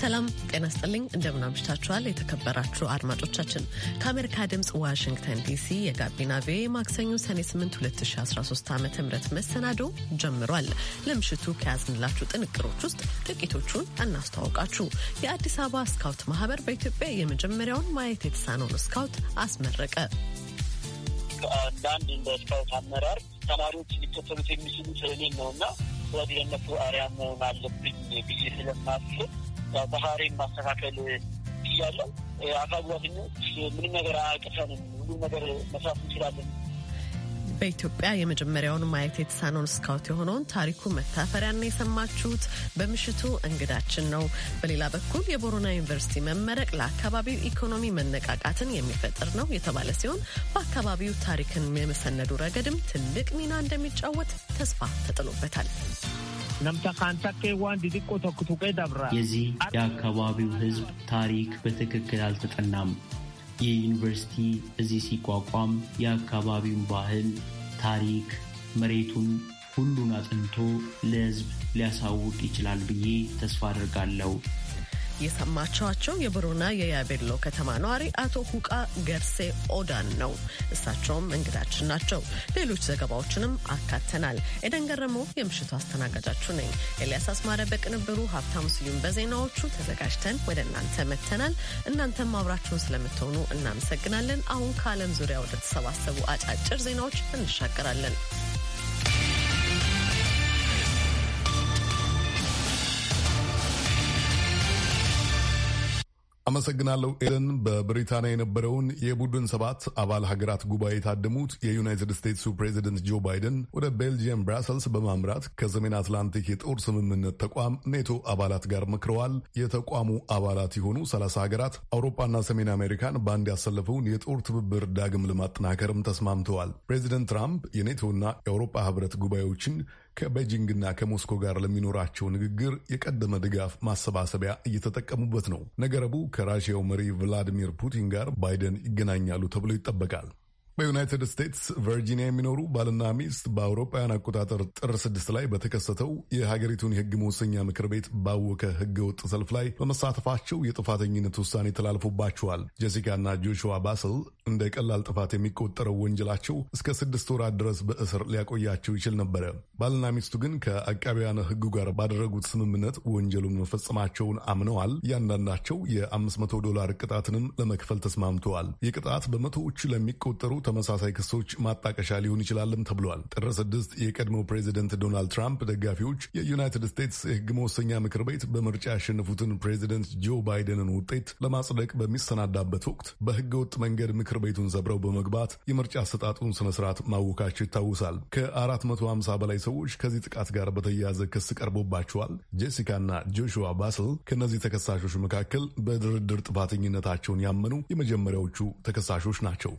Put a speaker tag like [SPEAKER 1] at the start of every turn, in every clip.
[SPEAKER 1] ሰላም ጤና ስጥልኝ፣ እንደምን አምሽታችኋል? የተከበራችሁ አድማጮቻችን ከአሜሪካ ድምፅ ዋሽንግተን ዲሲ የጋቢና ቪ ማክሰኞ ሰኔ 8 2013 ዓ ም መሰናዶ ጀምሯል። ለምሽቱ ከያዝንላችሁ ጥንቅሮች ውስጥ ጥቂቶቹን እናስተዋውቃችሁ። የአዲስ አበባ ስካውት ማህበር በኢትዮጵያ የመጀመሪያውን ማየት የተሳነውን ስካውት አስመረቀ።
[SPEAKER 2] አንዳንድ እንደ ስካውት አመራር ተማሪዎች ሊከተሉት የሚችሉ ትሬኒንግ ነውና ወደ እነሱ አርያ መሆን አለብኝ ብዬ ስለማስብ ባህሪን ማስተካከል እያለው አካል ጉዳተኞች ምንም ነገር አያቅተንም፣ ሁሉም ነገር መስራት እንችላለን
[SPEAKER 1] በኢትዮጵያ የመጀመሪያውን ማየት የተሳነውን ስካውት የሆነውን ታሪኩ መታፈሪያን የሰማችሁት በምሽቱ እንግዳችን ነው። በሌላ በኩል የቦሮና ዩኒቨርሲቲ መመረቅ ለአካባቢው ኢኮኖሚ መነቃቃትን የሚፈጥር ነው የተባለ ሲሆን በአካባቢው ታሪክን የመሰነዱ ረገድም ትልቅ ሚና እንደሚጫወት ተስፋ ተጥሎበታል።
[SPEAKER 3] የዚህ የአካባቢው ሕዝብ ታሪክ በትክክል አልተጠናም። የዩኒቨርሲቲ እዚህ ሲቋቋም የአካባቢውን ባህል፣ ታሪክ፣ መሬቱን ሁሉን አጥንቶ ለሕዝብ ሊያሳውቅ ይችላል ብዬ ተስፋ አድርጋለሁ።
[SPEAKER 1] የሰማችኋቸው የቦሮና የያቤሎ ከተማ ነዋሪ አቶ ሁቃ ገርሴ ኦዳን ነው። እሳቸውም እንግዳችን ናቸው። ሌሎች ዘገባዎችንም አካተናል። ኤደን ገረመው የምሽቱ አስተናጋጃችሁ ነኝ። ኤልያስ አስማረ በቅንብሩ፣ ሀብታሙ ስዩም በዜናዎቹ ተዘጋጅተን ወደ እናንተ መጥተናል። እናንተም አብራችሁን ስለምትሆኑ እናመሰግናለን። አሁን ከዓለም ዙሪያ ወደ ተሰባሰቡ አጫጭር ዜናዎች እንሻገራለን።
[SPEAKER 4] አመሰግናለሁ ኤለን በብሪታንያ የነበረውን የቡድን ሰባት አባል ሀገራት ጉባኤ የታደሙት የዩናይትድ ስቴትሱ ፕሬዚደንት ጆ ባይደን ወደ ቤልጅየም ብራሰልስ በማምራት ከሰሜን አትላንቲክ የጦር ስምምነት ተቋም ኔቶ አባላት ጋር መክረዋል። የተቋሙ አባላት የሆኑ ሰላሳ ሀገራት አውሮፓና ሰሜን አሜሪካን በአንድ ያሰለፈውን የጦር ትብብር ዳግም ለማጠናከርም ተስማምተዋል። ፕሬዚደንት ትራምፕ የኔቶና የአውሮፓ ህብረት ጉባኤዎችን ከቤጂንግና ከሞስኮ ጋር ለሚኖራቸው ንግግር የቀደመ ድጋፍ ማሰባሰቢያ እየተጠቀሙበት ነው። ነገረቡ ከራሽያው መሪ ቭላዲሚር ፑቲን ጋር ባይደን ይገናኛሉ ተብሎ ይጠበቃል። በዩናይትድ ስቴትስ ቨርጂኒያ የሚኖሩ ባልና ሚስት በአውሮፓውያን አቆጣጠር ጥር ስድስት ላይ በተከሰተው የሀገሪቱን የህግ መወሰኛ ምክር ቤት ባወከ ወጥ ሰልፍ ላይ በመሳተፋቸው የጥፋተኝነት ውሳኔ ተላልፎባቸዋል። ጀሲካና ጆሹዋ ባስል እንደ ቀላል ጥፋት የሚቆጠረው ወንጀላቸው እስከ ስድስት ወራት ድረስ በእስር ሊያቆያቸው ይችል ነበረ። ባልና ሚስቱ ግን ከአቃቢያነ ህጉ ጋር ባደረጉት ስምምነት ወንጀሉን መፈጸማቸውን አምነዋል። እያንዳንዳቸው የ500 ዶላር ቅጣትንም ለመክፈል ተስማምተዋል። የቅጣት በመቶዎቹ ለሚቆጠሩት ተመሳሳይ ክሶች ማጣቀሻ ሊሆን ይችላልም ተብሏል። ጥር ስድስት የቀድሞ ፕሬዚደንት ዶናልድ ትራምፕ ደጋፊዎች የዩናይትድ ስቴትስ የህግ መወሰኛ ምክር ቤት በምርጫ ያሸነፉትን ፕሬዚደንት ጆ ባይደንን ውጤት ለማጽደቅ በሚሰናዳበት ወቅት በህገ ወጥ መንገድ ምክር ቤቱን ሰብረው በመግባት የምርጫ አሰጣጡን ስነስርዓት ማወካቸው ይታወሳል። ከ450 በላይ ሰዎች ከዚህ ጥቃት ጋር በተያያዘ ክስ ቀርቦባቸዋል። ጄሲካና ጆሹዋ ባስል ከእነዚህ ተከሳሾች መካከል በድርድር ጥፋተኝነታቸውን ያመኑ የመጀመሪያዎቹ ተከሳሾች ናቸው።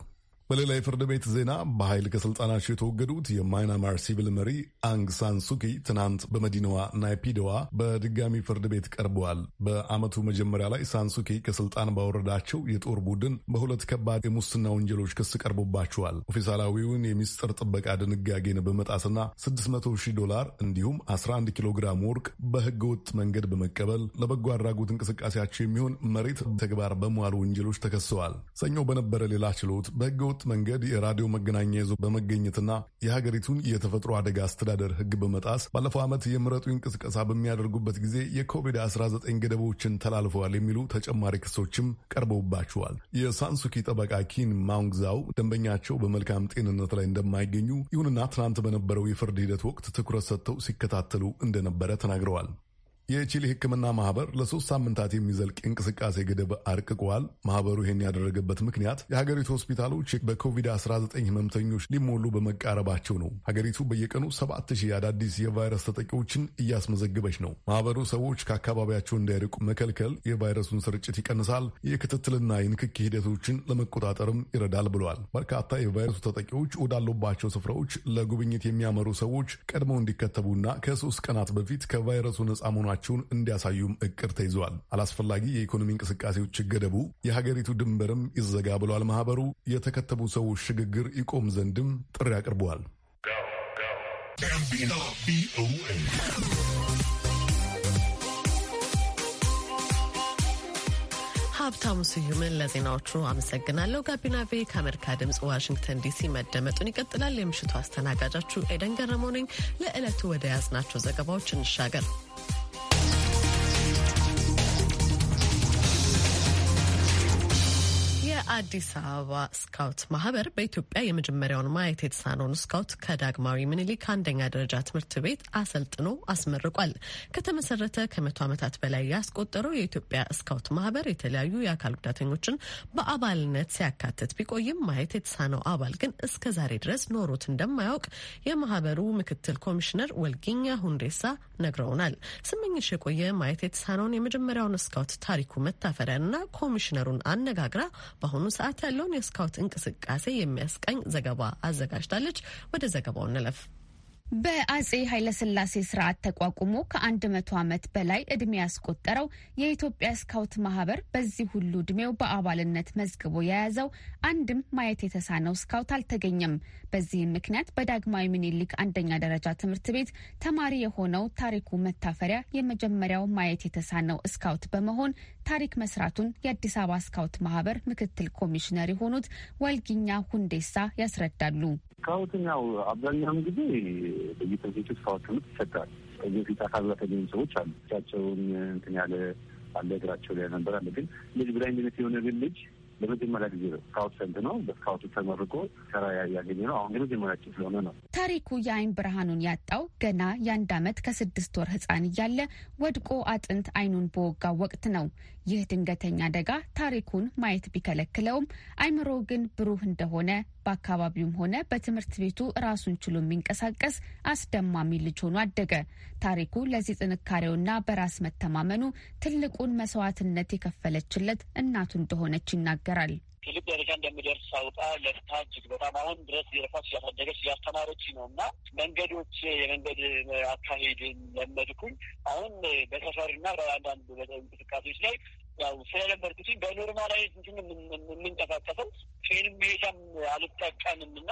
[SPEAKER 4] በሌላ የፍርድ ቤት ዜና በኃይል ከስልጣናቸው የተወገዱት የማይናማር ሲቪል መሪ አንግ ሳንሱኪ ትናንት በመዲናዋ ናይፒዶዋ በድጋሚ ፍርድ ቤት ቀርበዋል። በዓመቱ መጀመሪያ ላይ ሳንሱኪ ከስልጣን ባወረዳቸው የጦር ቡድን በሁለት ከባድ የሙስና ወንጀሎች ክስ ቀርቦባቸዋል። ኦፊሳላዊውን የሚስጥር ጥበቃ ድንጋጌን በመጣስና 600 ዶላር እንዲሁም 11 ኪሎ ግራም ወርቅ በህገወጥ መንገድ በመቀበል ለበጎ አድራጎት እንቅስቃሴያቸው የሚሆን መሬት ተግባር በመዋል ወንጀሎች ተከሰዋል። ሰኞ በነበረ ሌላ ችሎት በሕገ በህገወጥ መንገድ የራዲዮ መገናኛ ይዞ በመገኘትና የሀገሪቱን የተፈጥሮ አደጋ አስተዳደር ህግ በመጣስ ባለፈው ዓመት የምረጡ እንቅስቃሴ በሚያደርጉበት ጊዜ የኮቪድ-19 ገደቦችን ተላልፈዋል የሚሉ ተጨማሪ ክሶችም ቀርበውባቸዋል። የሳንሱኪ ጠበቃ ኪን ማውንግዛው ደንበኛቸው በመልካም ጤንነት ላይ እንደማይገኙ፣ ይሁንና ትናንት በነበረው የፍርድ ሂደት ወቅት ትኩረት ሰጥተው ሲከታተሉ እንደነበረ ተናግረዋል። የቺሊ ሕክምና ማህበር ለሶስት ሳምንታት የሚዘልቅ እንቅስቃሴ ገደብ አርቅቋል። ማህበሩ ይህን ያደረገበት ምክንያት የሀገሪቱ ሆስፒታሎች በኮቪድ-19 ህመምተኞች ሊሞሉ በመቃረባቸው ነው። ሀገሪቱ በየቀኑ 7000 አዳዲስ የቫይረስ ተጠቂዎችን እያስመዘገበች ነው። ማህበሩ ሰዎች ከአካባቢያቸው እንዳይርቁ መከልከል የቫይረሱን ስርጭት ይቀንሳል፣ የክትትልና የንክኪ ሂደቶችን ለመቆጣጠርም ይረዳል ብለዋል። በርካታ የቫይረሱ ተጠቂዎች ወዳሉባቸው ስፍራዎች ለጉብኝት የሚያመሩ ሰዎች ቀድመው እንዲከተቡና ከሶስት ቀናት በፊት ከቫይረሱ ነጻ መሆናቸው መሆናቸውን እንዲያሳዩም እቅድ ተይዘዋል። አላስፈላጊ የኢኮኖሚ እንቅስቃሴዎች ይገደቡ፣ የሀገሪቱ ድንበርም ይዘጋ ብሏል። ማህበሩ የተከተቡ ሰዎች ሽግግር ይቆም ዘንድም ጥሪ አቅርበዋል።
[SPEAKER 1] ሀብታሙ ስዩምን ለዜናዎቹ አመሰግናለሁ። ጋቢና ቬ ከአሜሪካ ድምፅ ዋሽንግተን ዲሲ መደመጡን ይቀጥላል። የምሽቱ አስተናጋጃችሁ ኤደን ገረመው ነኝ። ለዕለቱ ወደ ያዝናቸው ዘገባዎች እንሻገር። የአዲስ አበባ ስካውት ማህበር በኢትዮጵያ የመጀመሪያውን ማየት የተሳነውን ስካውት ከዳግማዊ ምኒልክ አንደኛ ደረጃ ትምህርት ቤት አሰልጥኖ አስመርቋል። ከተመሰረተ ከመቶ ዓመታት በላይ ያስቆጠረው የኢትዮጵያ ስካውት ማህበር የተለያዩ የአካል ጉዳተኞችን በአባልነት ሲያካትት ቢቆይም ማየት የተሳነው አባል ግን እስከ ዛሬ ድረስ ኖሮት እንደማያውቅ የማህበሩ ምክትል ኮሚሽነር ወልጊኛ ሁንዴሳ ነግረውናል። ስመኝሽ የቆየ ማየት የተሳነውን የመጀመሪያውን ስካውት ታሪኩ መታፈሪያና ኮሚሽነሩን አነጋግራ በአሁኑ በአሁኑ ሰዓት ያለውን የስካውት እንቅስቃሴ የሚያስቀኝ ዘገባ አዘጋጅታለች። ወደ ዘገባው እንለፍ።
[SPEAKER 5] በአጼ ኃይለስላሴ ስርዓት ተቋቁሞ ከአንድ መቶ ዓመት በላይ እድሜ ያስቆጠረው የኢትዮጵያ ስካውት ማህበር በዚህ ሁሉ እድሜው በአባልነት መዝግቦ የያዘው አንድም ማየት የተሳነው ስካውት አልተገኘም። በዚህም ምክንያት በዳግማዊ ምኒልክ አንደኛ ደረጃ ትምህርት ቤት ተማሪ የሆነው ታሪኩ መታፈሪያ የመጀመሪያው ማየት የተሳነው ስካውት በመሆን ታሪክ መስራቱን የአዲስ አበባ ስካውት ማህበር ምክትል ኮሚሽነር የሆኑት ወልጊኛ ሁንዴሳ ያስረዳሉ።
[SPEAKER 6] ስካውትን ያው አብዛኛውን ጊዜ በየተቤቱ ስካውት ትምህርት ይሰጣል። ከዚህ በፊት አካል ጉዳተኛ ሰዎች አሉ ቻቸውን እንትን ያለ አለ እግራቸው ላይ ነበር አለ። ግን ልጅ ብላይንድነት የሆነ ግን ልጅ ለመጀመሪያ ጊዜ ነው ስካውት ሰንት ነው በስካውቱ ተመርቆ ስራ ያገኘ ነው። አሁን የመጀመሪያችን ስለሆነ ነው።
[SPEAKER 5] ታሪኩ የአይን ብርሃኑን ያጣው ገና የአንድ አመት ከስድስት ወር ህፃን እያለ ወድቆ አጥንት አይኑን በወጋው ወቅት ነው። ይህ ድንገተኛ አደጋ ታሪኩን ማየት ቢከለክለውም አይምሮ ግን ብሩህ እንደሆነ በአካባቢውም ሆነ በትምህርት ቤቱ ራሱን ችሎ የሚንቀሳቀስ አስደማሚ ልጅ ሆኖ አደገ። ታሪኩ ለዚህ ጥንካሬውና በራስ መተማመኑ ትልቁን መስዋዕትነት የከፈለችለት እናቱ እንደሆነች ይናገራል።
[SPEAKER 2] ትልቅ ደረጃ እንደሚደርስ ሳውጣ ለፍታ እጅግ በጣም አሁን ድረስ የረፋች እያሳደገች እያስተማረች ነው እና መንገዶች የመንገድ አካሄድን ለመድኩኝ። አሁን በሰፈርና በአንዳንድ እንቅስቃሴዎች ላይ ያው ስለነበርኩት በኖርማላዊ እንትን የምንቀሳቀሰው ፊልም ሜሻም አልጠቀምም እና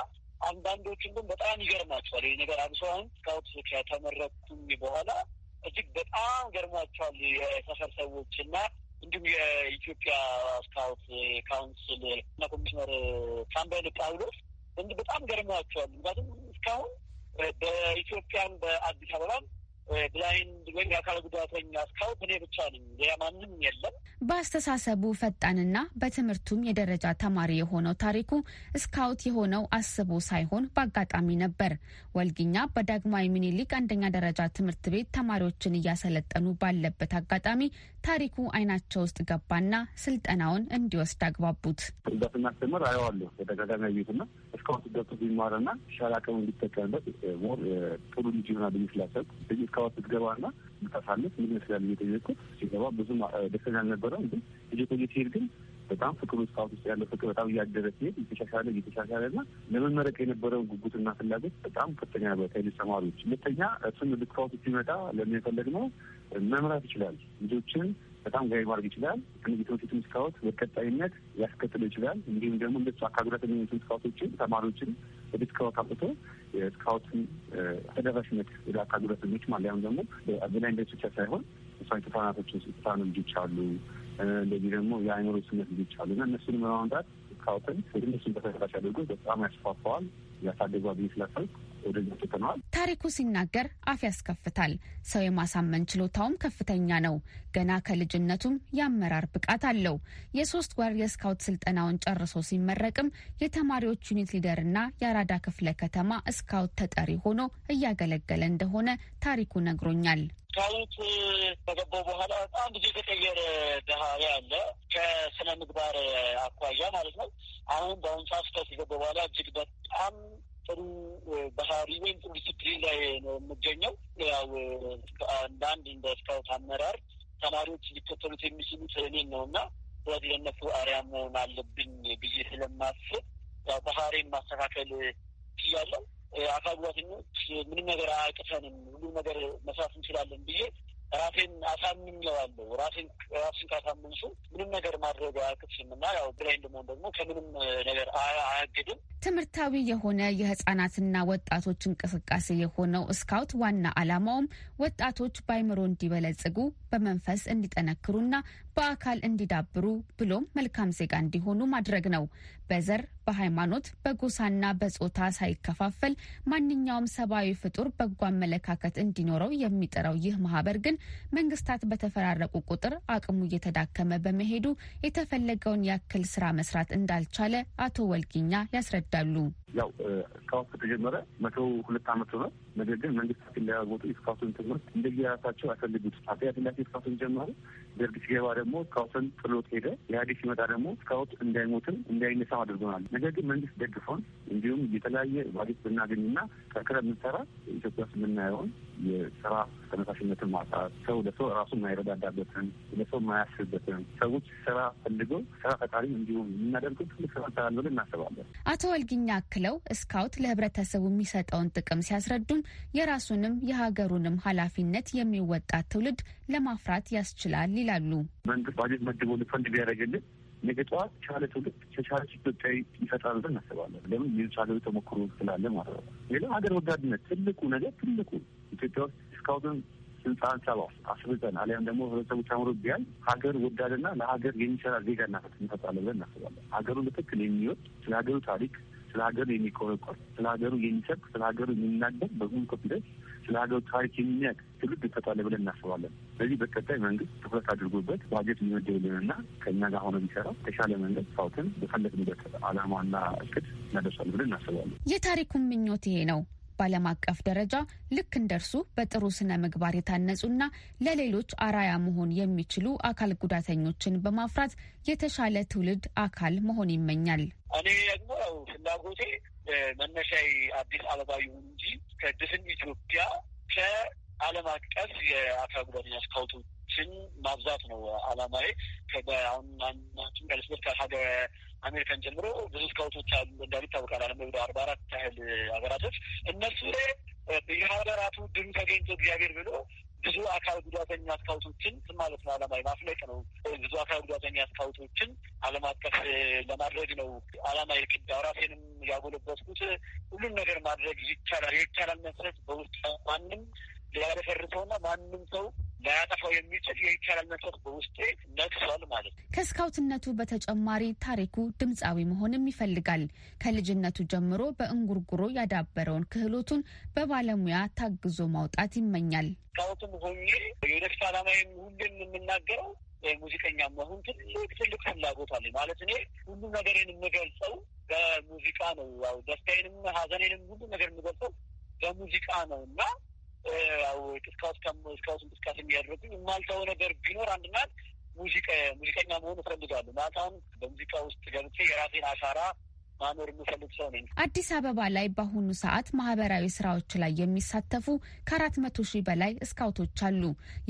[SPEAKER 2] አንዳንዶችን ግን በጣም ይገርማቸዋል ይህ ነገር። አብሶ አሁን ስካውት ከተመረኩኝ በኋላ እጅግ በጣም ገርማቸዋል የሰፈር ሰዎች እና እንዲሁም የኢትዮጵያ ስካውት ካውንስል እና ኮሚሽነር ሳምበል ጳውሎስ እንዲህ በጣም ገርማቸዋል ምክንያቱም እስካሁን በኢትዮጵያም በአዲስ አበባም ብላይንድ ወይም የአካል ጉዳተኛ እስካሁን እኔ ብቻ ነኝ፣ ሌላ ማንም የለም።
[SPEAKER 5] በአስተሳሰቡ ፈጣንና በትምህርቱም የደረጃ ተማሪ የሆነው ታሪኩ ስካውት የሆነው አስቦ ሳይሆን በአጋጣሚ ነበር። ወልግኛ በዳግማዊ ምኒልክ አንደኛ ደረጃ ትምህርት ቤት ተማሪዎችን እያሰለጠኑ ባለበት አጋጣሚ ታሪኩ አይናቸው ውስጥ ገባና ስልጠናውን እንዲወስድ አግባቡት።
[SPEAKER 6] ስጋት እናስተምር አየዋለሁ ተደጋጋሚ ያዩትና እስካሁን ስደቱ ቢማርና ሻል አቅም እንዲጠቀምበት ጥሩ ልጅ ይሆናል ይመስላሰብ ልጅ እስካሁን ስትገባና ምታሳልፍ ምን ይመስላል እየጠየቁት ሲገባ ብዙም ደስተኛ አልነበረም። ግን እየቆየ ሲሄድ ግን በጣም ፍቅሩ ስካውት ውስጥ ያለው ፍቅር በጣም እያደረ ሲሄድ እየተሻሻለ እየተሻሻለ እና ለመመረቅ የነበረው ጉጉትና ፍላጎት በጣም ከፍተኛ ነበር ከሌሎች ተማሪዎች። ሁለተኛ እሱን ስካውት ሲመጣ ለሚፈለግ ነው መምራት ይችላል ልጆችን በጣም ጋይ ማድረግ ይችላል። ትምህርትን ስካውት በቀጣይነት ሊያስከትለው ይችላል። እንዲሁም ደግሞ እንደሱ አካል ጉዳት የሚሆኑትን ስካውቶችን ተማሪዎችን ወደ ስካውት አምጥቶ የስካውትን ተደራሽነት ወደ አካል ጉዳተኞች ማለያም ደግሞ በላይ እንደሱ ብቻ ሳይሆን እሷ የተፋናቶችን ስፋኑ ልጆች አሉ እንደዚህ ደግሞ የአይምሮ ስነት ልጆች አሉ እና እነሱን በማምጣት ካውተን እነሱን ተፈታሽ አድርጎ በጣም ያስፋፋዋል ያሳደጓ ብዬ ስላሰብኩ ወደኛ ትተነዋል።
[SPEAKER 5] ታሪኩ ሲናገር አፍ ያስከፍታል። ሰው የማሳመን ችሎታውም ከፍተኛ ነው። ገና ከልጅነቱም የአመራር ብቃት አለው። የሶስት ወር የስካውት ስልጠናውን ጨርሶ ሲመረቅም የተማሪዎች ዩኒት ሊደር ሊደርና የአራዳ ክፍለ ከተማ ስካውት ተጠሪ ሆኖ እያገለገለ እንደሆነ ታሪኩ ነግሮኛል።
[SPEAKER 2] ስካውት ከገባው በኋላ በጣም ብዙ የተቀየረ ባህሪ አለ፣ ከስነ ምግባር አኳያ ማለት ነው። አሁን በአሁን ሰዓት ስካውት ከገባው በኋላ እጅግ በጣም ጥሩ ባህሪ ወይም ጥሩ ዲስፕሊን ላይ ነው የምገኘው። ያው አንዳንድ እንደ ስካውት አመራር ተማሪዎች ሊከተሉት የሚችሉት እኔን ነው እና ስለዚህ ለእነሱ አርያ መሆን አለብኝ ብዬ ስለማስብ ያው ባህሬን ማስተካከል ትያለው። አካል ጉዳተኞች ምንም ነገር አያቅተንም፣ ሁሉም ነገር መስራት እንችላለን ብዬ ራሴን አሳምኘዋለሁ። ራሴን ራሴን ካሳምንሱ ምንም ነገር ማድረግ አያቅትም እና ያው ብላይንድ መሆን ደግሞ ከምንም ነገር
[SPEAKER 5] አያግድም። ትምህርታዊ የሆነ የህጻናትና ወጣቶች እንቅስቃሴ የሆነው ስካውት ዋና ዓላማውም ወጣቶች በአይምሮ እንዲበለጽጉ በመንፈስ እንዲጠነክሩና በአካል እንዲዳብሩ ብሎም መልካም ዜጋ እንዲሆኑ ማድረግ ነው። በዘር፣ በሃይማኖት፣ በጎሳና በጾታ ሳይከፋፈል ማንኛውም ሰብአዊ ፍጡር በጎ አመለካከት እንዲኖረው የሚጥረው ይህ ማህበር ግን መንግስታት በተፈራረቁ ቁጥር አቅሙ እየተዳከመ በመሄዱ የተፈለገውን ያክል ስራ መስራት እንዳልቻለ አቶ ወልጊኛ ያስረዳል። ይመልሳሉ።
[SPEAKER 6] ያው እስካሁን ከተጀመረ መቶ ሁለት አመት ሆነ። ነገር ግን መንግስታት ሊያወጡ የስካውትን ትምህርት እንደየራሳቸው አይፈልጉት። አጼ ኃይለሥላሴ የስካውትን ጀመሩ። ደርግ ሲገባ ደግሞ ስካውትን ጥሎት ሄደ። ኢህአዴግ ሲመጣ ደግሞ ስካውት እንዳይሞትም እንዳይነሳም አድርጎናል። ነገር ግን መንግስት ደግፎን እንዲሁም የተለያየ ባጀት ብናገኝና ጠንክረ የምንሰራ ኢትዮጵያ ውስጥ የምናየውን የስራ ተነሳሽነትን ማጣት፣ ሰው ለሰው ራሱ የማይረዳዳበትን ለሰው የማያስብበትን ሰዎች ስራ ፈልገው ስራ ፈጣሪ እንዲሁም የምናደርገው ትልቅ ስራ እንሰራለን ብለን እናስባለን።
[SPEAKER 5] አቶ ወልግኛ አክለው ስካውት ለህብረተሰቡ የሚሰጠውን ጥቅም ሲያስረዱም የራሱንም የሀገሩንም ኃላፊነት የሚወጣ ትውልድ ለማፍራት ያስችላል ይላሉ።
[SPEAKER 6] መንግስት ባጀት መድቦ ልፈንድ ቢያደርግልን ነገ ጠዋት ቻለ ትውልድ ተቻለ ኢትዮጵያዊ ይፈጥራል ብለን እናስባለን። ለምን ሌሎች ሀገሮች ተሞክሮ ስላለ ማለት ነው። ሌላ ሀገር ወዳድነት ትልቁ ነገር ትልቁ ኢትዮጵያ ውስጥ ስካውትን ስልጣን ሰባ አስብጠን አሊያም ደግሞ ህብረተሰቡ ተምሮ ቢያል ሀገር ወዳድና ለሀገር የሚሰራ ዜጋ እናፈት እንፈጥራለን ብለን እናስባለን። ሀገሩን በትክክል የሚወድ ስለ ሀገሩ ታሪክ ስለ ሀገሩ የሚቆረቆር ስለ ሀገሩ የሚሰብክ ስለ ሀገሩ የሚናገር በሁሉ ኮንፊደንስ ስለ ሀገሩ ታሪክ የሚያቅ ትውልድ ይፈጣል ብለን እናስባለን። ስለዚህ በቀጣይ መንግስት ትኩረት አድርጎበት ባጀት የሚመደብልንና ከእኛ ጋር ሆነ ቢሰራ ተሻለ መንገድ ሳውትን በፈለግንበት አላማና እቅድ እናደርሳል ብለን እናስባለን።
[SPEAKER 5] የታሪኩን ምኞት ይሄ ነው። በዓለም አቀፍ ደረጃ ልክ እንደርሱ በጥሩ ስነ ምግባር የታነጹና ለሌሎች አራያ መሆን የሚችሉ አካል ጉዳተኞችን በማፍራት የተሻለ ትውልድ አካል መሆን ይመኛል።
[SPEAKER 2] እኔ ደግሞ ያው ፍላጎቴ መነሻዬ አዲስ አበባ ይሁን እንጂ ከድፍን ኢትዮጵያ ከዓለም አቀፍ የአካል ጉዳተኛ ስካውቶችን ማብዛት ነው አላማዬ። ከበአሁን አንዳችን ከልስበት ከሀገር አሜሪካን ጀምሮ ብዙ ስካውቶች አሉ እንዳሉ ይታወቃል። ዓለም ወደ አርባ አራት ያህል ሀገራቶች እነሱ ላይ የሀገራቱ ድም ተገኝቶ እግዚአብሔር ብሎ ብዙ አካል ጉዳተኛ ስካውቶችን ማለት ነው ዓላማዊ ማፍለቅ ነው። ብዙ አካል ጉዳተኛ ስካውቶችን ዓለም አቀፍ ለማድረግ ነው ዓላማዊ ክዳ ራሴንም ያጎለበስኩት ሁሉም ነገር ማድረግ ይቻላል። ይቻላል መሰረት በውስጥ ማንም ያደፈርሰውና ማንም ሰው ላያጠፋው የሚችል የይቻላል መንፈስ በውስጤ ነግሷል ማለት
[SPEAKER 5] ነው። ከስካውትነቱ በተጨማሪ ታሪኩ ድምፃዊ መሆንም ይፈልጋል። ከልጅነቱ ጀምሮ በእንጉርጉሮ ያዳበረውን ክህሎቱን በባለሙያ ታግዞ ማውጣት ይመኛል።
[SPEAKER 2] ስካውትም ሆኜ የወደፊት ዓላማዬም ሁሌም የምናገረው ሙዚቀኛ መሆን ትልቅ ትልቅ ፍላጎት አለኝ። ማለት እኔ ሁሉም ነገሬን የምገልጸው በሙዚቃ ነው። ያው ደስታዬንም ሐዘኔንም ሁሉ ነገር የምገልጸው በሙዚቃ ነው እና ቅስቃስ እስካሁን እንቅስቃሴ የሚያደርጉ የማልተው ነገር ቢኖር አንድና ሙዚቃ ሙዚቀኛ መሆን እፈልጋለሁ። ማታም በሙዚቃ ውስጥ ገብቼ የራሴን አሻራ ማኖር የምፈልግ ሰው ነኝ።
[SPEAKER 5] አዲስ አበባ ላይ በአሁኑ ሰዓት ማህበራዊ ስራዎች ላይ የሚሳተፉ ከአራት መቶ ሺህ በላይ እስካውቶች አሉ።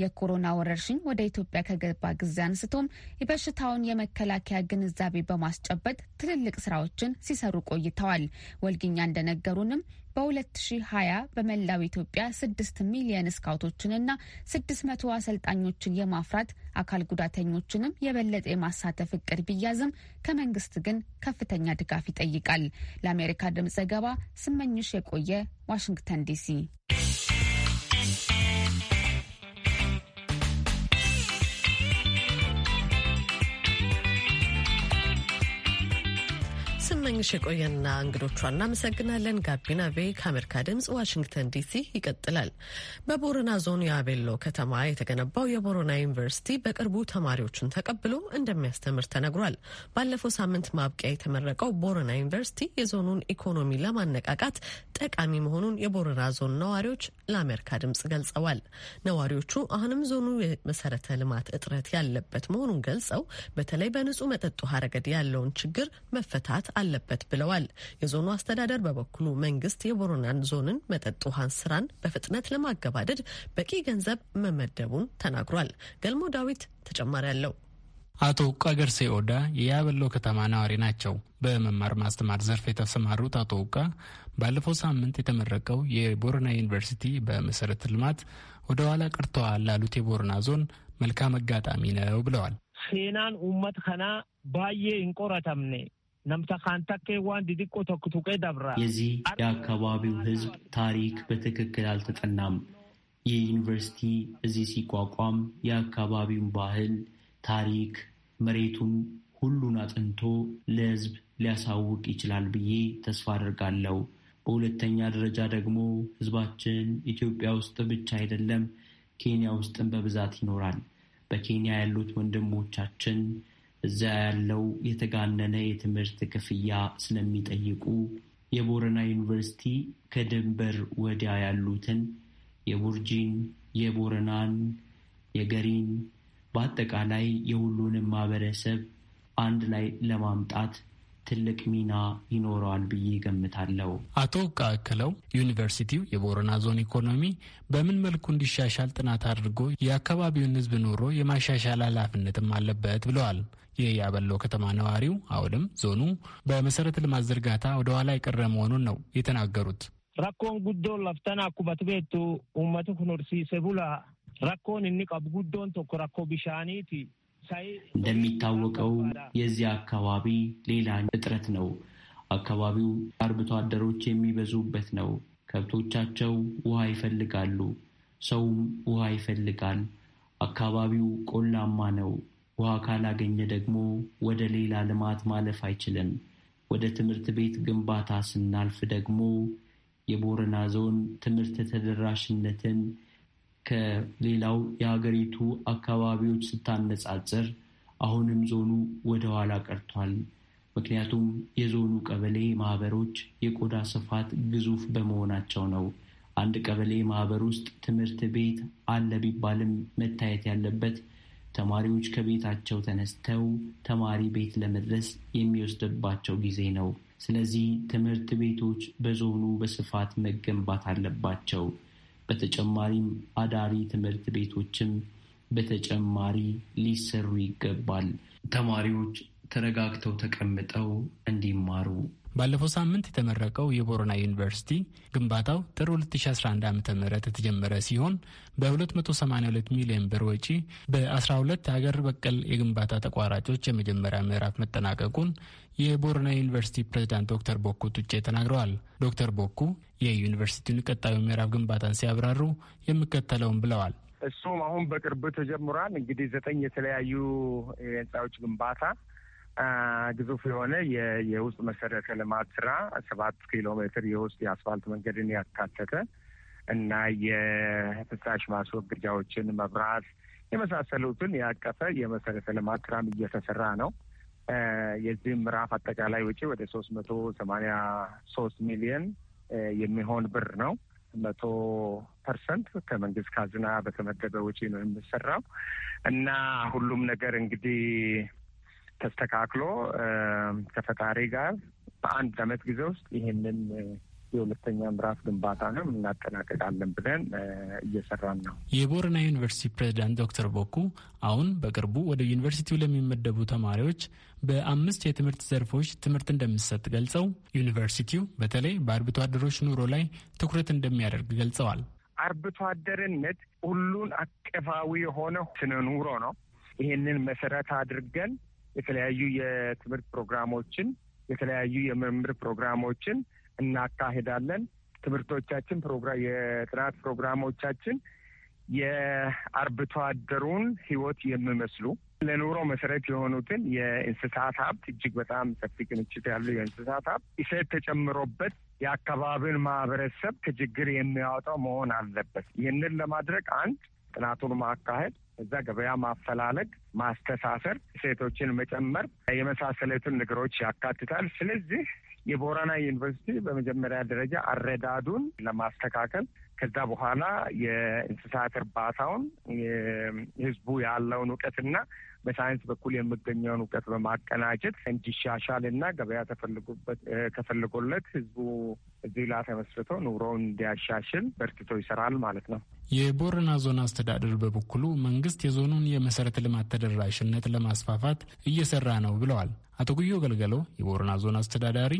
[SPEAKER 5] የኮሮና ወረርሽኝ ወደ ኢትዮጵያ ከገባ ጊዜ አንስቶም የበሽታውን የመከላከያ ግንዛቤ በማስጨበጥ ትልልቅ ስራዎችን ሲሰሩ ቆይተዋል። ወልግኛ እንደነገሩንም በ2020 በመላው ኢትዮጵያ 6 ሚሊየን ስካውቶችንና 600 አሰልጣኞችን የማፍራት አካል ጉዳተኞችንም የበለጠ የማሳተፍ እቅድ ቢያዝም ከመንግስት ግን ከፍተኛ ድጋፍ ይጠይቃል። ለአሜሪካ ድምጽ ዘገባ ስመኝሽ የቆየ ዋሽንግተን ዲሲ።
[SPEAKER 1] ስመኝሽ የቆየና እንግዶቿ እናመሰግናለን። ጋቢና ቤ ከአሜሪካ ድምጽ ዋሽንግተን ዲሲ ይቀጥላል። በቦረና ዞን የአቤሎ ከተማ የተገነባው የቦረና ዩኒቨርሲቲ በቅርቡ ተማሪዎቹን ተቀብሎ እንደሚያስተምር ተነግሯል። ባለፈው ሳምንት ማብቂያ የተመረቀው ቦረና ዩኒቨርሲቲ የዞኑን ኢኮኖሚ ለማነቃቃት ጠቃሚ መሆኑን የቦረና ዞን ነዋሪዎች ለአሜሪካ ድምጽ ገልጸዋል። ነዋሪዎቹ አሁንም ዞኑ የመሰረተ ልማት እጥረት ያለበት መሆኑን ገልጸው በተለይ በንጹህ መጠጥ ውሃ ረገድ ያለውን ችግር መፈታት አለ አለበት ብለዋል። የዞኑ አስተዳደር በበኩሉ መንግስት የቦረናን ዞንን መጠጥ ውሃን ስራን በፍጥነት ለማገባደድ በቂ ገንዘብ መመደቡን ተናግሯል። ገልሞ
[SPEAKER 7] ዳዊት ተጨማሪ አለው። አቶ ውቃ ሴኦዳ የያበሎ ከተማ ነዋሪ ናቸው። በመማር ማስተማር ዘርፍ የተሰማሩት አቶ ውቃ ባለፈው ሳምንት የተመረቀው የቦረና ዩኒቨርሲቲ በመሰረተ ልማት ወደ ኋላ ቀርተዋል ላሉት የቦረና ዞን መልካም
[SPEAKER 3] አጋጣሚ ነው ብለዋል።
[SPEAKER 8] ሴናን ኡመት ከና ባዬ እንቆረተምኔ የዚህ
[SPEAKER 3] የአካባቢው ሕዝብ ታሪክ በትክክል አልተጠናም። ይህ ዩኒቨርሲቲ እዚህ ሲቋቋም የአካባቢውን ባህል፣ ታሪክ፣ መሬቱን ሁሉን አጥንቶ ለህዝብ ሊያሳውቅ ይችላል ብዬ ተስፋ አድርጋለሁ። በሁለተኛ ደረጃ ደግሞ ህዝባችን ኢትዮጵያ ውስጥ ብቻ አይደለም ኬንያ ውስጥም በብዛት ይኖራል። በኬንያ ያሉት ወንድሞቻችን እዛ ያለው የተጋነነ የትምህርት ክፍያ ስለሚጠይቁ የቦረና ዩኒቨርሲቲ ከድንበር ወዲያ ያሉትን የቡርጂን፣ የቦረናን፣ የገሪን በአጠቃላይ የሁሉንም ማህበረሰብ አንድ ላይ ለማምጣት ትልቅ ሚና ይኖረዋል ብዬ ገምታለሁ። አቶ ውቃ አክለው ዩኒቨርሲቲው
[SPEAKER 7] የቦረና ዞን ኢኮኖሚ በምን መልኩ እንዲሻሻል ጥናት አድርጎ የአካባቢውን ሕዝብ ኑሮ የማሻሻል ኃላፊነትም አለበት ብለዋል። የያበሎ ከተማ ነዋሪው አሁንም ዞኑ በመሰረተ ልማት ዝርጋታ ወደ ኋላ የቀረ መሆኑን ነው የተናገሩት።
[SPEAKER 8] ራኮን ጉዶ ለፍተና አኩበት ቤቱ ኡመቱ ኩኖርሲ ሴቡላ ራኮን እኒቀብ ጉዶን ቶኮ ራኮ ቢሻኒቲ
[SPEAKER 3] እንደሚታወቀው የዚያ አካባቢ ሌላ እጥረት ነው። አካባቢው አርብቶ አደሮች የሚበዙበት ነው። ከብቶቻቸው ውሃ ይፈልጋሉ። ሰውም ውሃ ይፈልጋል። አካባቢው ቆላማ ነው። ውሃ ካላገኘ ደግሞ ወደ ሌላ ልማት ማለፍ አይችልም። ወደ ትምህርት ቤት ግንባታ ስናልፍ ደግሞ የቦረና ዞን ትምህርት ተደራሽነትን ከሌላው የሀገሪቱ አካባቢዎች ስታነጻጽር አሁንም ዞኑ ወደ ኋላ ቀርቷል። ምክንያቱም የዞኑ ቀበሌ ማህበሮች የቆዳ ስፋት ግዙፍ በመሆናቸው ነው። አንድ ቀበሌ ማህበር ውስጥ ትምህርት ቤት አለ ቢባልም መታየት ያለበት ተማሪዎች ከቤታቸው ተነስተው ተማሪ ቤት ለመድረስ የሚወስድባቸው ጊዜ ነው። ስለዚህ ትምህርት ቤቶች በዞኑ በስፋት መገንባት አለባቸው። በተጨማሪም አዳሪ ትምህርት ቤቶችም በተጨማሪ ሊሰሩ ይገባል። ተማሪዎች ተረጋግተው ተቀምጠው
[SPEAKER 7] እንዲማሩ ባለፈው ሳምንት የተመረቀው የቦረና ዩኒቨርሲቲ ግንባታው ጥር 2011 ዓ ም የተጀመረ ሲሆን በ282 ሚሊዮን ብር ወጪ በ12 ሀገር በቀል የግንባታ ተቋራጮች የመጀመሪያ ምዕራፍ መጠናቀቁን የቦረና ዩኒቨርሲቲ ፕሬዚዳንት ዶክተር ቦኩ ቱጬ ተናግረዋል። ዶክተር ቦኩ የዩኒቨርሲቲውን ቀጣዩ ምዕራፍ ግንባታን ሲያብራሩ የሚከተለውን ብለዋል።
[SPEAKER 8] እሱም አሁን በቅርብ ተጀምሯል። እንግዲህ ዘጠኝ የተለያዩ የህንፃዎች ግንባታ ግዙፍ የሆነ የውስጥ መሰረተ ልማት ስራ ሰባት ኪሎ ሜትር የውስጥ የአስፋልት መንገድን ያካተተ እና የፍሳሽ ማስወገጃዎችን መብራት የመሳሰሉትን ያቀፈ የመሰረተ ልማት ስራም እየተሰራ ነው። የዚህም ምዕራፍ አጠቃላይ ውጪ ወደ ሶስት መቶ ሰማኒያ ሶስት ሚሊዮን የሚሆን ብር ነው። መቶ ፐርሰንት ከመንግስት ካዝና በተመደበ ውጪ ነው የሚሰራው እና ሁሉም ነገር እንግዲህ ተስተካክሎ ከፈጣሪ ጋር በአንድ አመት ጊዜ ውስጥ ይህንን የሁለተኛ ምዕራፍ ግንባታ ነው እናጠናቀቃለን ብለን እየሰራን ነው።
[SPEAKER 7] የቦረና ዩኒቨርሲቲ ፕሬዚዳንት ዶክተር ቦኩ አሁን በቅርቡ ወደ ዩኒቨርሲቲው ለሚመደቡ ተማሪዎች በአምስት የትምህርት ዘርፎች ትምህርት እንደሚሰጥ ገልጸው ዩኒቨርሲቲው በተለይ በአርብቶ አደሮች ኑሮ ላይ ትኩረት እንደሚያደርግ ገልጸዋል።
[SPEAKER 8] አርብቶ አደርነት ሁሉን አቀፋዊ የሆነ ስነ ኑሮ ነው። ይህንን መሰረት አድርገን የተለያዩ የትምህርት ፕሮግራሞችን የተለያዩ የምርምር ፕሮግራሞችን እናካሄዳለን። ትምህርቶቻችን የጥናት ፕሮግራሞቻችን የአርብቶ አደሩን ህይወት የሚመስሉ ለኑሮ መሰረት የሆኑትን የእንስሳት ሀብት እጅግ በጣም ሰፊ ክምችት ያሉ የእንስሳት ሀብት እሴት ተጨምሮበት የአካባቢውን ማህበረሰብ ከችግር የሚያወጣው መሆን አለበት። ይህንን ለማድረግ አንድ ጥናቱን ማካሄድ እዛ ገበያ ማፈላለግ፣ ማስተሳሰር፣ ሴቶችን መጨመር የመሳሰሉትን ነገሮች ያካትታል። ስለዚህ የቦረና ዩኒቨርሲቲ በመጀመሪያ ደረጃ አረዳዱን ለማስተካከል ከዛ በኋላ የእንስሳት እርባታውን ህዝቡ ያለውን እውቀትና በሳይንስ በኩል የሚገኘውን እውቀት በማቀናጀት እንዲሻሻል እና ገበያ ተፈልጎለት ህዝቡ እዚህ ላይ ተመስርቶ ኑሮውን እንዲያሻሽል በርትቶ ይሰራል ማለት ነው።
[SPEAKER 7] የቦረና ዞን አስተዳደር በበኩሉ መንግስት የዞኑን የመሰረተ ልማት ተደራሽነት ለማስፋፋት እየሰራ ነው ብለዋል። አቶ ጉዮ ገልገሎ የቦረና ዞን አስተዳዳሪ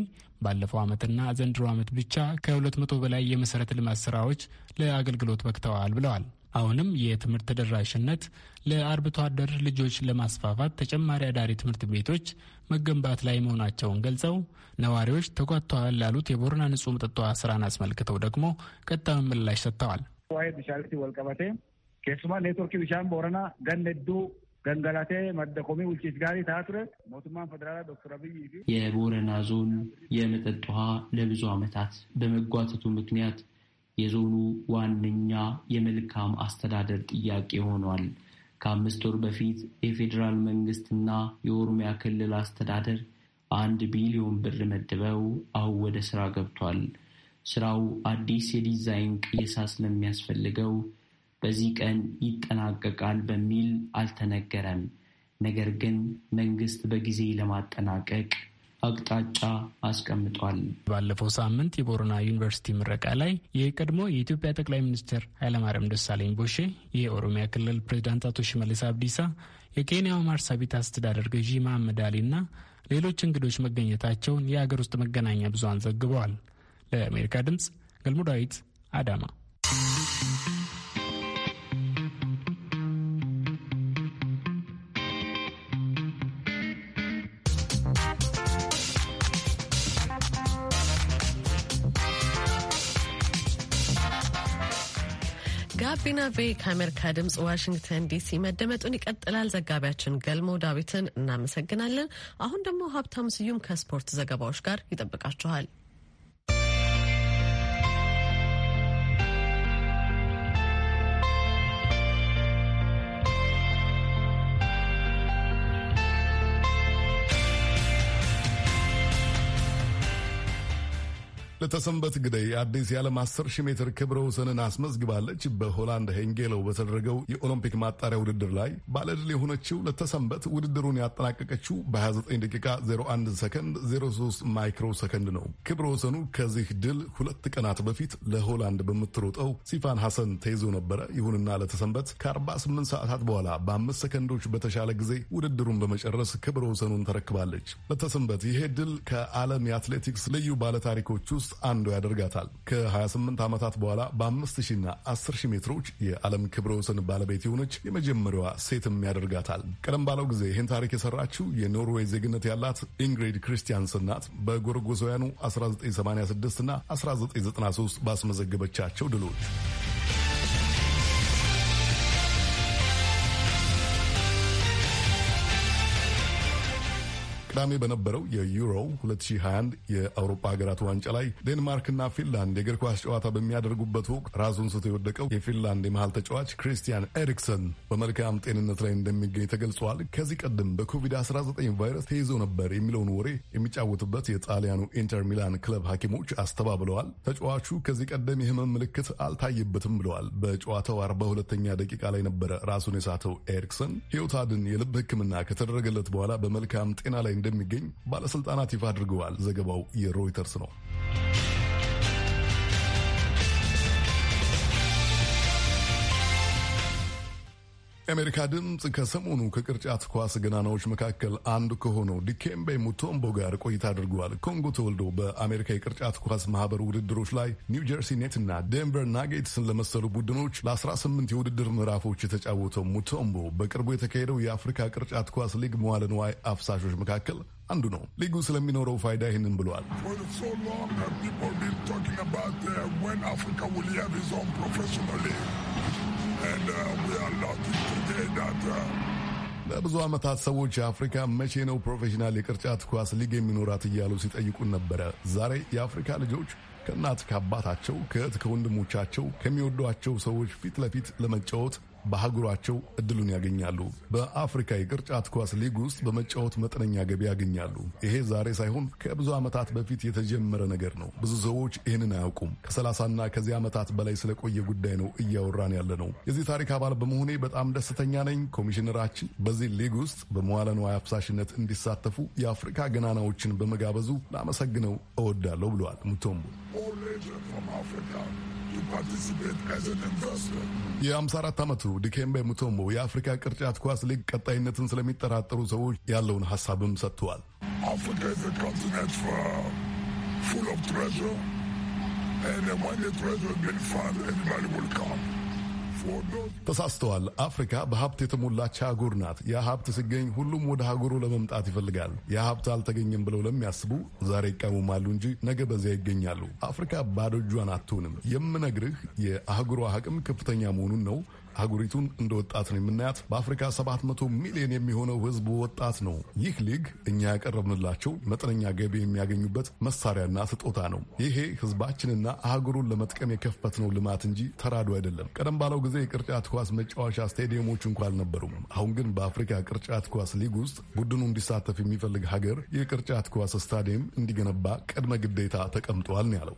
[SPEAKER 7] ባለፈው ዓመትና ዘንድሮ ዓመት ብቻ ከ200 በላይ የመሰረተ ልማት ስራዎች ለአገልግሎት በቅተዋል ብለዋል። አሁንም የትምህርት ተደራሽነት ለአርብቶ አደር ልጆች ለማስፋፋት ተጨማሪ አዳሪ ትምህርት ቤቶች መገንባት ላይ መሆናቸውን ገልጸው ነዋሪዎች ተጓተዋል ላሉት የቦረና ንጹህ መጠጥ ስራን አስመልክተው ደግሞ ቀጣዩን ምላሽ ሰጥተዋል።
[SPEAKER 8] waa'ee bishaanitti wal qabatee keessumaa neetworkii bishaan booranaa gan hedduu gangalatee madda komii bulchiis gaarii ta'aa ture mootummaan federaalaa doktor Abiyyii fi.
[SPEAKER 3] የቦረና ዞን የመጠጥ ውሃ ለብዙ ዓመታት በመጓተቱ ምክንያት የዞኑ ዋነኛ የመልካም አስተዳደር ጥያቄ ሆኗል። ከአምስት ወር በፊት የፌዴራል መንግስትና የኦሮሚያ ክልል አስተዳደር አንድ ቢሊዮን ብር መድበው አሁን ወደ ስራ ገብቷል። ስራው አዲስ የዲዛይን ቅየሳ ስለሚያስፈልገው በዚህ ቀን ይጠናቀቃል በሚል አልተነገረም። ነገር ግን መንግስት በጊዜ ለማጠናቀቅ አቅጣጫ አስቀምጧል። ባለፈው ሳምንት የቦረና ዩኒቨርሲቲ ምረቃ ላይ የቀድሞ
[SPEAKER 7] የኢትዮጵያ ጠቅላይ ሚኒስትር ኃይለማርያም ደሳለኝ ቦሼ፣ የኦሮሚያ ክልል ፕሬዚዳንት አቶ ሽመልስ አብዲሳ፣ የኬንያው ማርሳቢት አስተዳደር ገዢ መሐመድ አሊ እና ሌሎች እንግዶች መገኘታቸውን የአገር ውስጥ መገናኛ ብዙሃን ዘግበዋል። ለአሜሪካ ድምፅ ገልሞ ዳዊት አዳማ።
[SPEAKER 1] ጋቢና ቬ ከአሜሪካ ድምጽ ዋሽንግተን ዲሲ መደመጡን ይቀጥላል። ዘጋቢያችን ገልሞ ዳዊትን እናመሰግናለን። አሁን ደግሞ ሀብታሙ ስዩም ከስፖርት ዘገባዎች ጋር ይጠብቃችኋል።
[SPEAKER 4] ተሰንበት ግደይ አዲስ የዓለም 10 ሺህ ሜትር ክብረ ወሰንን አስመዝግባለች። በሆላንድ ሄንጌለው በተደረገው የኦሎምፒክ ማጣሪያ ውድድር ላይ ባለድል የሆነችው ለተሰንበት ውድድሩን ያጠናቀቀችው በ29 ደቂቃ 01 ሰከንድ 03 ማይክሮ ሰከንድ ነው። ክብረ ወሰኑ ከዚህ ድል ሁለት ቀናት በፊት ለሆላንድ በምትሮጠው ሲፋን ሐሰን ተይዞ ነበረ። ይሁንና ለተሰንበት ከ48 ሰዓታት በኋላ በአምስት ሰከንዶች በተሻለ ጊዜ ውድድሩን በመጨረስ ክብረ ወሰኑን ተረክባለች። ለተሰንበት ይሄ ድል ከዓለም የአትሌቲክስ ልዩ ባለታሪኮች ውስጥ አንዱ ያደርጋታል። ከ28 ዓመታት በኋላ በ5000ና 10000 ሜትሮች የዓለም ክብረ ወሰን ባለቤት የሆነች የመጀመሪያዋ ሴትም ያደርጋታል። ቀደም ባለው ጊዜ ይህን ታሪክ የሰራችው የኖርዌይ ዜግነት ያላት ኢንግሪድ ክርስቲያንስን ናት። በጎረጎሳውያኑ 1986ና 1993 ባስመዘገበቻቸው ድሎች ቅዳሜ በነበረው የዩሮ 2021 የአውሮፓ ሀገራት ዋንጫ ላይ ዴንማርክና ፊንላንድ የእግር ኳስ ጨዋታ በሚያደርጉበት ወቅት ራሱን ስቶ የወደቀው የፊንላንድ የመሃል ተጫዋች ክሪስቲያን ኤሪክሰን በመልካም ጤንነት ላይ እንደሚገኝ ተገልጿል። ከዚህ ቀደም በኮቪድ-19 ቫይረስ ተይዞ ነበር የሚለውን ወሬ የሚጫወትበት የጣሊያኑ ኢንተር ሚላን ክለብ ሐኪሞች አስተባብለዋል። ተጫዋቹ ከዚህ ቀደም የህመም ምልክት አልታየበትም ብለዋል። በጨዋታው 42ኛ ደቂቃ ላይ ነበረ ራሱን የሳተው ኤሪክሰን ሕይወት አድን የልብ ሕክምና ከተደረገለት በኋላ በመልካም ጤና ላይ እንደሚገኝ ባለስልጣናት ይፋ አድርገዋል። ዘገባው የሮይተርስ ነው። የአሜሪካ ድምፅ ከሰሞኑ ከቅርጫት ኳስ ገናናዎች መካከል አንዱ ከሆነው ዲኬምቤ ሙቶምቦ ጋር ቆይታ አድርጓል። ኮንጎ ተወልዶ በአሜሪካ የቅርጫት ኳስ ማህበር ውድድሮች ላይ ኒውጀርሲ ኔት እና ዴንቨር ናጌትስን ለመሰሉ ቡድኖች ለ18 የውድድር ምዕራፎች የተጫወተው ሙቶምቦ በቅርቡ የተካሄደው የአፍሪካ ቅርጫት ኳስ ሊግ መዋለ ንዋይ አፍሳሾች መካከል አንዱ ነው። ሊጉ ስለሚኖረው ፋይዳ ይህንን ብለዋል። ለብዙ ዓመታት ሰዎች አፍሪካ መቼ ነው ፕሮፌሽናል የቅርጫት ኳስ ሊግ የሚኖራት እያሉ ሲጠይቁን ነበረ። ዛሬ የአፍሪካ ልጆች ከእናት ከአባታቸው፣ ከእህት ከወንድሞቻቸው፣ ከሚወዷቸው ሰዎች ፊት ለፊት ለመጫወት በሀገሯቸው እድሉን ያገኛሉ። በአፍሪካ የቅርጫት ኳስ ሊግ ውስጥ በመጫወት መጠነኛ ገቢ ያገኛሉ። ይሄ ዛሬ ሳይሆን ከብዙ ዓመታት በፊት የተጀመረ ነገር ነው። ብዙ ሰዎች ይህንን አያውቁም። ከሰላሳና ከዚህ ዓመታት በላይ ስለቆየ ጉዳይ ነው እያወራን ያለ ነው። የዚህ ታሪክ አባል በመሆኔ በጣም ደስተኛ ነኝ። ኮሚሽነራችን በዚህ ሊግ ውስጥ በመዋለ ንዋይ አፍሳሽነት እንዲሳተፉ የአፍሪካ ገናናዎችን በመጋበዙ ላመሰግነው እወዳለሁ ብለዋል ሙቶምቡ። የአምሳ አራት ዓመቱ ዲኬምቤ ሙቶምቦ የአፍሪካ ቅርጫት ኳስ ሊግ ቀጣይነትን ስለሚጠራጠሩ ሰዎች ያለውን ሀሳብም ሰጥተዋል። ተሳስተዋል። አፍሪካ በሀብት የተሞላች አህጉር ናት። ያ ሀብት ሲገኝ ሁሉም ወደ ሀገሩ ለመምጣት ይፈልጋል። ያ ሀብት አልተገኘም ብለው ለሚያስቡ ዛሬ ይቃወማሉ እንጂ ነገ በዚያ ይገኛሉ። አፍሪካ ባዶ እጇን አትሆንም። የምነግርህ የአህጉሯ አቅም ከፍተኛ መሆኑን ነው። አህጉሪቱን እንደ ወጣት ነው የምናያት። በአፍሪካ 700 ሚሊዮን የሚሆነው ህዝብ ወጣት ነው። ይህ ሊግ እኛ ያቀረብንላቸው መጠነኛ ገቢ የሚያገኙበት መሳሪያና ስጦታ ነው። ይሄ ህዝባችንና አህጉሩን ለመጥቀም የከፈትነው ልማት እንጂ ተራዶ አይደለም። ቀደም ባለው ጊዜ የቅርጫት ኳስ መጫወቻ ስታዲየሞች እንኳ አልነበሩም። አሁን ግን በአፍሪካ ቅርጫት ኳስ ሊግ ውስጥ ቡድኑ እንዲሳተፍ የሚፈልግ ሀገር የቅርጫት ኳስ ስታዲየም እንዲገነባ ቅድመ ግዴታ ተቀምጧል ነው ያለው።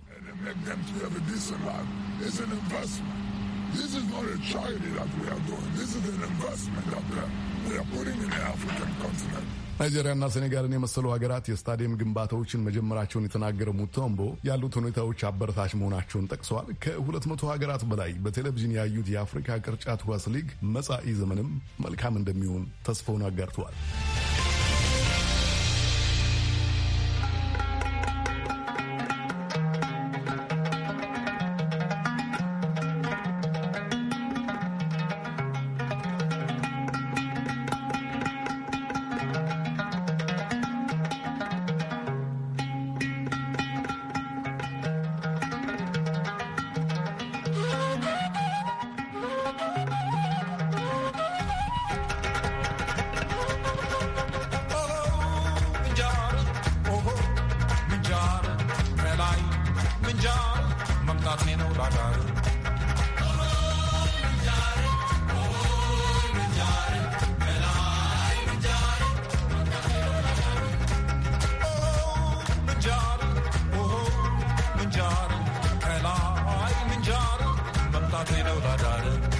[SPEAKER 3] This is not a charity that we are doing. This is an investment that we uh, are, we are putting in the African continent.
[SPEAKER 4] ናይጄሪያና ሴኔጋልን የመሰሉ ሀገራት የስታዲየም ግንባታዎችን መጀመራቸውን የተናገረ ሙቶምቦ ያሉት ሁኔታዎች አበረታች መሆናቸውን ጠቅሰዋል። ከ200 ሀገራት በላይ በቴሌቪዥን ያዩት የአፍሪካ ቅርጫት ኳስ ሊግ መጻኢ ዘመንም መልካም እንደሚሆን ተስፋውን አጋርተዋል።
[SPEAKER 2] talk, we know about driving.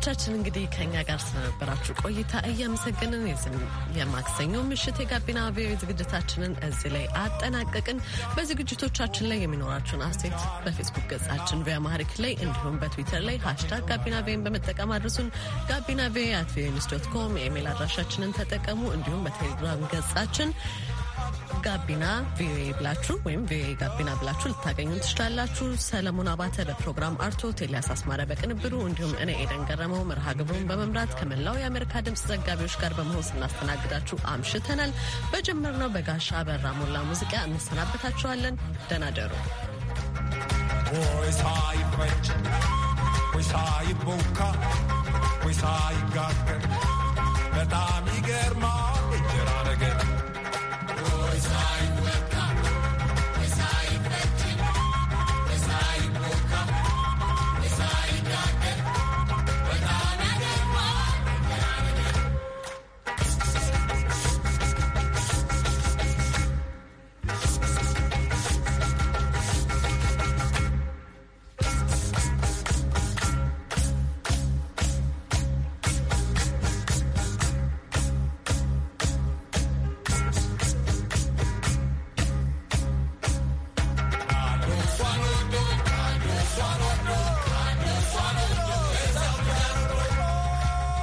[SPEAKER 1] አድማጮቻችን እንግዲህ ከኛ ጋር ስለነበራችሁ ቆይታ እያመሰገንን የማክሰኞ ምሽት የጋቢና ቪኦኤ ዝግጅታችንን እዚህ ላይ አጠናቀቅን። በዝግጅቶቻችን ላይ የሚኖራችሁን አስተያየት በፌስቡክ ገጻችን ቪኦኤ አማሪክ ላይ እንዲሁም በትዊተር ላይ ሃሽታግ ጋቢና ቪኦኤን በመጠቀም አድርሱን። ጋቢና ቪኦኤ አት ቪኦኤ ኒውስ ዶት ኮም የኢሜይል አድራሻችንን ተጠቀሙ። እንዲሁም በቴሌግራም ገጻችን ጋቢና ቪኦኤ ብላችሁ ወይም ቪኦኤ ጋቢና ብላችሁ ልታገኙ ትችላላችሁ። ሰለሞን አባተ በፕሮግራም አርቶት፣ ኤልያስ አስማረ በቅንብሩ እንዲሁም እኔ ኤደን ገረመው መርሃ ግብሩን በመምራት ከመላው የአሜሪካ ድምፅ ዘጋቢዎች ጋር በመሆን ስናስተናግዳችሁ አምሽተናል። በጀመርነው በጋሻ በራ ሞላ ሙዚቃ እንሰናበታችኋለን። ደህና ደሩ።
[SPEAKER 8] በጣም
[SPEAKER 4] ይገርማ time.